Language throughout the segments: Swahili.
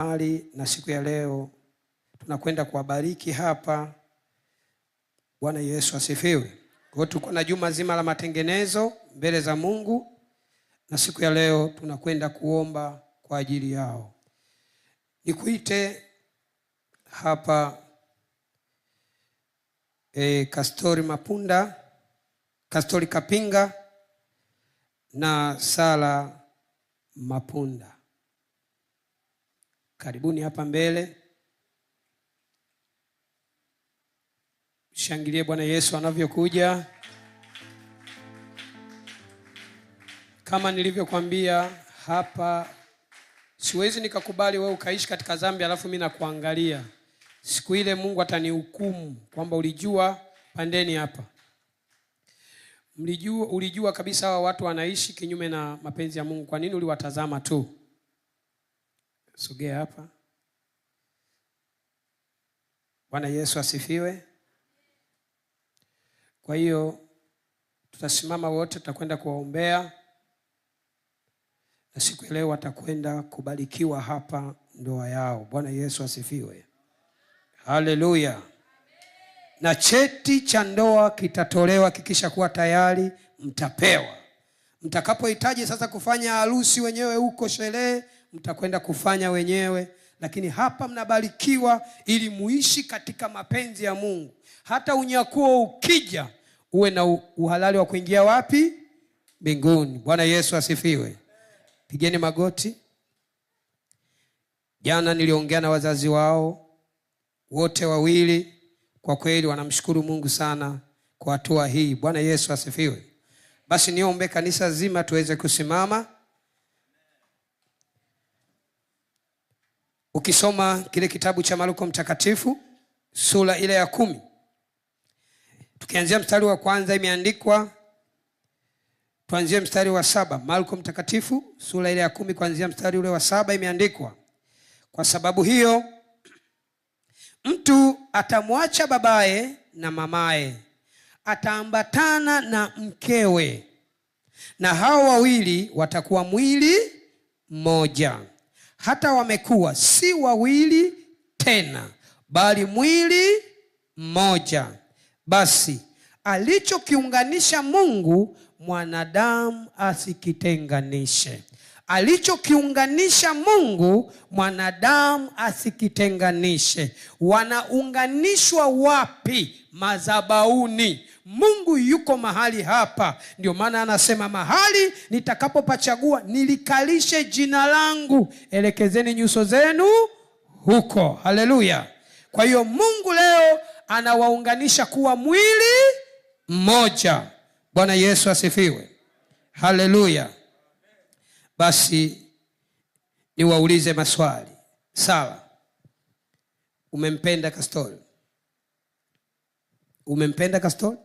mali na siku ya leo tunakwenda kuwabariki hapa. Bwana Yesu asifiwe. Kwa hiyo tuko na juma zima la matengenezo mbele za Mungu, na siku ya leo tunakwenda kuomba kwa ajili yao. Nikuite hapa e, Kastori Mapunda, Kastori Kapinga na Sala Mapunda. Karibuni hapa mbele, shangilie Bwana Yesu anavyokuja. Kama nilivyokwambia hapa, siwezi nikakubali wewe ukaishi katika zambi alafu mimi nakuangalia. Siku ile Mungu atanihukumu kwamba ulijua. Pandeni hapa, mlijua, ulijua kabisa hawa watu wanaishi kinyume na mapenzi ya Mungu. Kwa nini uliwatazama tu? Sogea hapa. Bwana Yesu asifiwe. Kwa hiyo tutasimama wote, tutakwenda kuwaombea na siku ya leo watakwenda kubarikiwa hapa ndoa yao. Bwana Yesu asifiwe, haleluya. Na cheti cha ndoa kitatolewa kikisha kuwa tayari, mtapewa mtakapohitaji sasa kufanya harusi wenyewe huko sherehe mtakwenda kufanya wenyewe, lakini hapa mnabarikiwa ili muishi katika mapenzi ya Mungu, hata unyakuo ukija uwe na uhalali wa kuingia wapi? Mbinguni. Bwana Yesu asifiwe. Pigeni magoti. Jana niliongea na wazazi wao wote wawili, kwa kweli wanamshukuru Mungu sana kwa hatua hii. Bwana Yesu asifiwe. Basi niombe kanisa zima tuweze kusimama. ukisoma kile kitabu cha Marko Mtakatifu sura ile ya kumi tukianzia mstari wa kwanza imeandikwa, tuanzie mstari wa saba Marko Mtakatifu sura ile ya kumi kuanzia mstari ule wa saba imeandikwa, kwa sababu hiyo mtu atamwacha babaye na mamaye, ataambatana na mkewe, na hao wawili watakuwa mwili mmoja hata wamekuwa si wawili tena, bali mwili mmoja. Basi alichokiunganisha Mungu, mwanadamu asikitenganishe. Alichokiunganisha Mungu, mwanadamu asikitenganishe. Wanaunganishwa wapi? mazabauni Mungu yuko mahali hapa, ndio maana anasema mahali nitakapopachagua nilikalishe jina langu, elekezeni nyuso zenu huko. Haleluya! Kwa hiyo Mungu leo anawaunganisha kuwa mwili mmoja. Bwana Yesu asifiwe, haleluya. Basi niwaulize maswali. sawa umempenda Kastori? Umempenda Kastori?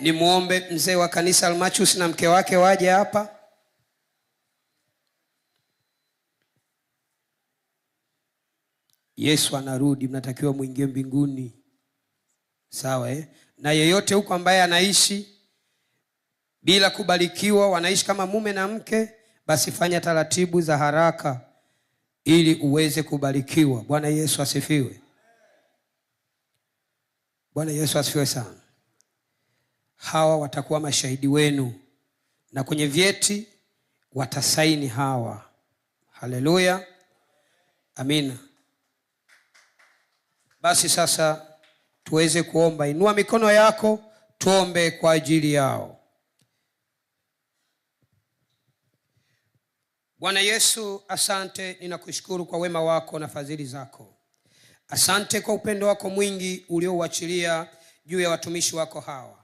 nimwombe mzee wa kanisa Almachus na mke wake waje hapa. Yesu anarudi, mnatakiwa mwingie mbinguni, sawa eh? Na yeyote huko ambaye anaishi bila kubarikiwa, wanaishi kama mume na mke, basi fanya taratibu za haraka ili uweze kubarikiwa. Bwana Yesu asifiwe. Bwana Yesu asifiwe sana hawa watakuwa mashahidi wenu, na kwenye vyeti watasaini hawa. Haleluya, amina. Basi sasa tuweze kuomba. Inua mikono yako, tuombe kwa ajili yao. Bwana Yesu, asante, ninakushukuru kwa wema wako na fadhili zako. Asante kwa upendo wako mwingi uliouachilia juu ya watumishi wako hawa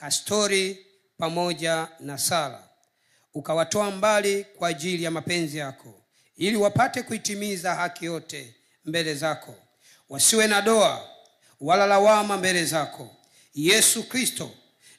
kastori pamoja na sala, ukawatoa mbali kwa ajili ya mapenzi yako, ili wapate kuitimiza haki yote mbele zako, wasiwe na doa wala lawama mbele zako. Yesu Kristo,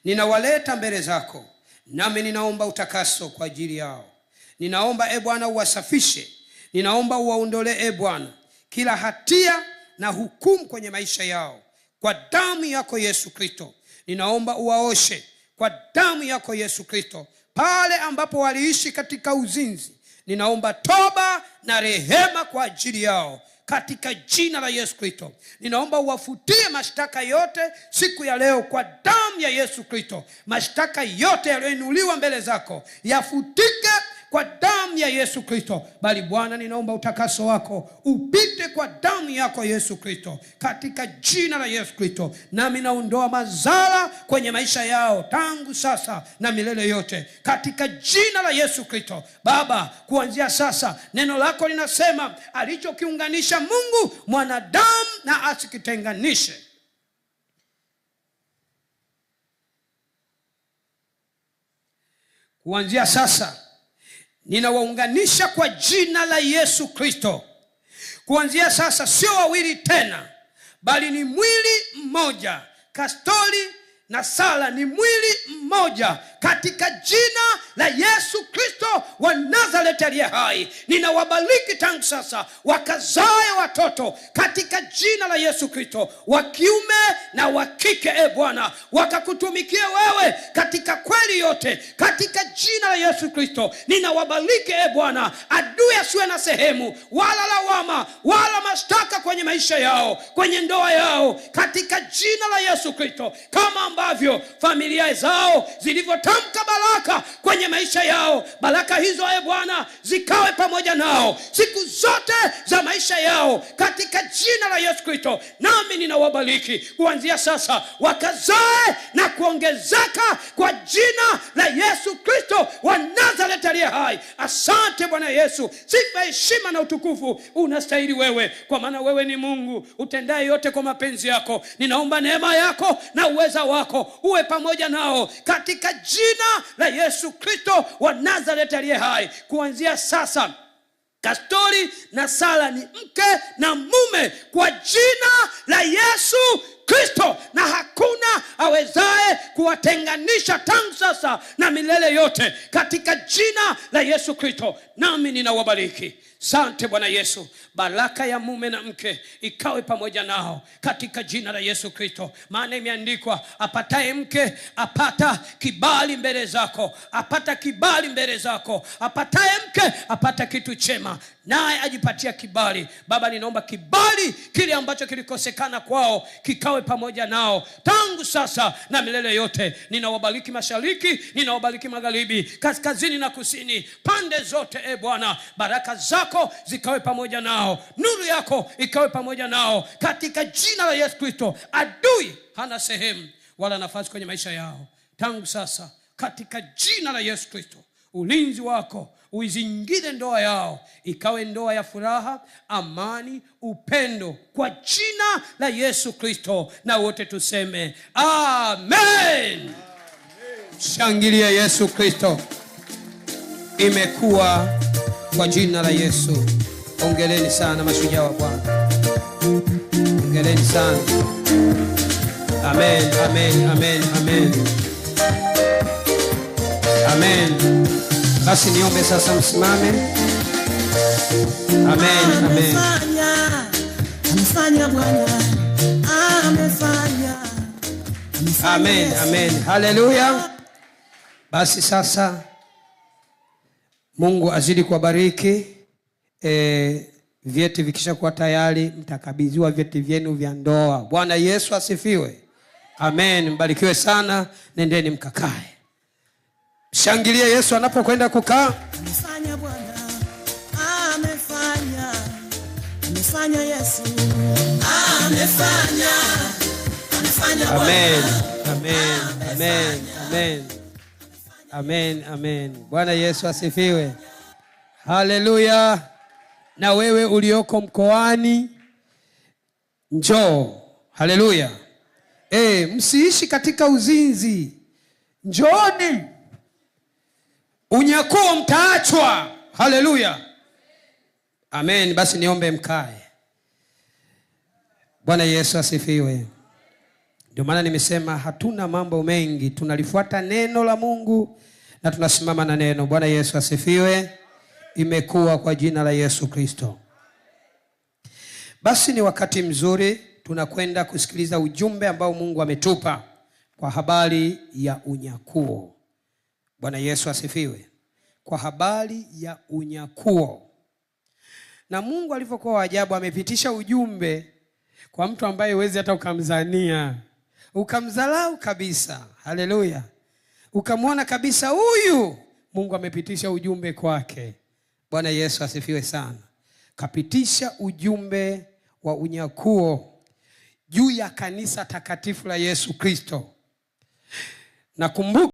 ninawaleta mbele zako, nami ninaomba utakaso kwa ajili yao. Ninaomba e Bwana uwasafishe, ninaomba uwaondolee e Bwana kila hatia na hukumu kwenye maisha yao, kwa damu yako Yesu Kristo ninaomba uwaoshe kwa damu yako yesu kristo pale ambapo waliishi katika uzinzi ninaomba toba na rehema kwa ajili yao katika jina la yesu kristo ninaomba uwafutie mashtaka yote siku ya leo kwa damu ya yesu kristo mashtaka yote yaliyoinuliwa mbele zako yafutike kwa damu ya Yesu Kristo, bali Bwana, ninaomba utakaso wako upite kwa damu yako Yesu Kristo, katika jina la Yesu Kristo, nami naondoa madhara kwenye maisha yao tangu sasa na milele yote, katika jina la Yesu Kristo. Baba, kuanzia sasa neno lako linasema alichokiunganisha Mungu mwanadamu na asikitenganishe. Kuanzia sasa ninawaunganisha kwa jina la yesu kristo kuanzia sasa sio wawili tena bali ni mwili mmoja kastori na sala ni mwili mmoja katika jina la yesu kristo wa nazareti aliye hai ninawabariki tangu sasa wakazae watoto katika jina la yesu kristo wa kiume na wa kike e bwana wakakutumikia wewe katika imani yote katika jina la Yesu Kristo ninawabariki e Bwana, adui asiwe na sehemu wala lawama wala mashtaka kwenye maisha yao, kwenye ndoa yao, katika jina la Yesu Kristo, kama ambavyo familia zao zilivyotamka baraka kwenye maisha yao, baraka hizo e Bwana zikawe pamoja nao siku zote za maisha yao katika jina la Yesu Kristo, nami ninawabariki kuanzia sasa, wakazae na kuongezeka kwa jina jina la Yesu Kristo wa Nazareti aliye hai. Asante Bwana Yesu, sifa, heshima na utukufu unastahili wewe, kwa maana wewe ni Mungu utendaye yote kwa mapenzi yako. Ninaomba neema yako na uweza wako uwe pamoja nao katika jina la Yesu Kristo wa Nazareti aliye hai. Kuanzia sasa Kastori na Sara ni mke na mume kwa jina la Yesu kristo na hakuna awezaye kuwatenganisha tangu sasa na milele yote katika jina la yesu kristo nami ninawabariki sante bwana yesu baraka ya mume na mke ikawe pamoja nao katika jina la yesu kristo maana imeandikwa apataye mke apata kibali mbele zako apata kibali mbele zako apataye mke apata kitu chema naye ajipatia kibali baba ninaomba kibali kile ambacho kilikosekana kwao kikawe pamoja nao tangu sasa na milele yote ninawabariki mashariki ninawabariki magharibi kaskazini na kusini pande zote e bwana baraka zako zikawe pamoja nao nuru yako ikawe pamoja nao katika jina la yesu kristo adui hana sehemu wala nafasi kwenye maisha yao tangu sasa katika jina la yesu kristo ulinzi wako uizingire ndoa yao ikawe ndoa ya furaha, amani, upendo kwa jina la Yesu Kristo, na wote tuseme amen, amen. Shangilia Yesu Kristo, imekuwa kwa jina la Yesu. Ongeleni sana mashujaa wa Bwana, ongeleni sana amen, amen, amen, amen. Amen. Basi niombe sasa, msimame. Amen, amen. Amefanya Bwana, amefanya. Amen, amen. Haleluya. Basi sasa Mungu azidi kuwabariki. E, vyeti vikishakuwa tayari mtakabidhiwa vyeti vyenu vya ndoa. Bwana Yesu asifiwe. Amen. Mbarikiwe sana, nendeni mkakae. Shangilia Yesu anapokwenda kukaa. Amefanya Bwana, amefanya, amefanya Yesu, amefanya, amefanya Bwana. Amen, amen, amen, amen, amen, amen. Bwana Yesu asifiwe, haleluya. Na wewe ulioko mkoani, njoo, haleluya. E, eh, msiishi katika uzinzi, njooni unyakuo mtaachwa haleluya amen basi niombe mkae bwana yesu asifiwe ndio maana nimesema hatuna mambo mengi tunalifuata neno la mungu na tunasimama na neno bwana yesu asifiwe imekuwa kwa jina la yesu kristo basi ni wakati mzuri tunakwenda kusikiliza ujumbe ambao mungu ametupa kwa habari ya unyakuo Bwana Yesu asifiwe. Kwa habari ya unyakuo, na Mungu alivyokuwa waajabu amepitisha ujumbe kwa mtu ambaye huwezi hata ukamzania, ukamdharau kabisa. Haleluya, ukamwona kabisa huyu, Mungu amepitisha ujumbe kwake. Bwana Yesu asifiwe sana. Kapitisha ujumbe wa unyakuo juu ya kanisa takatifu la Yesu Kristo. Nakumbuka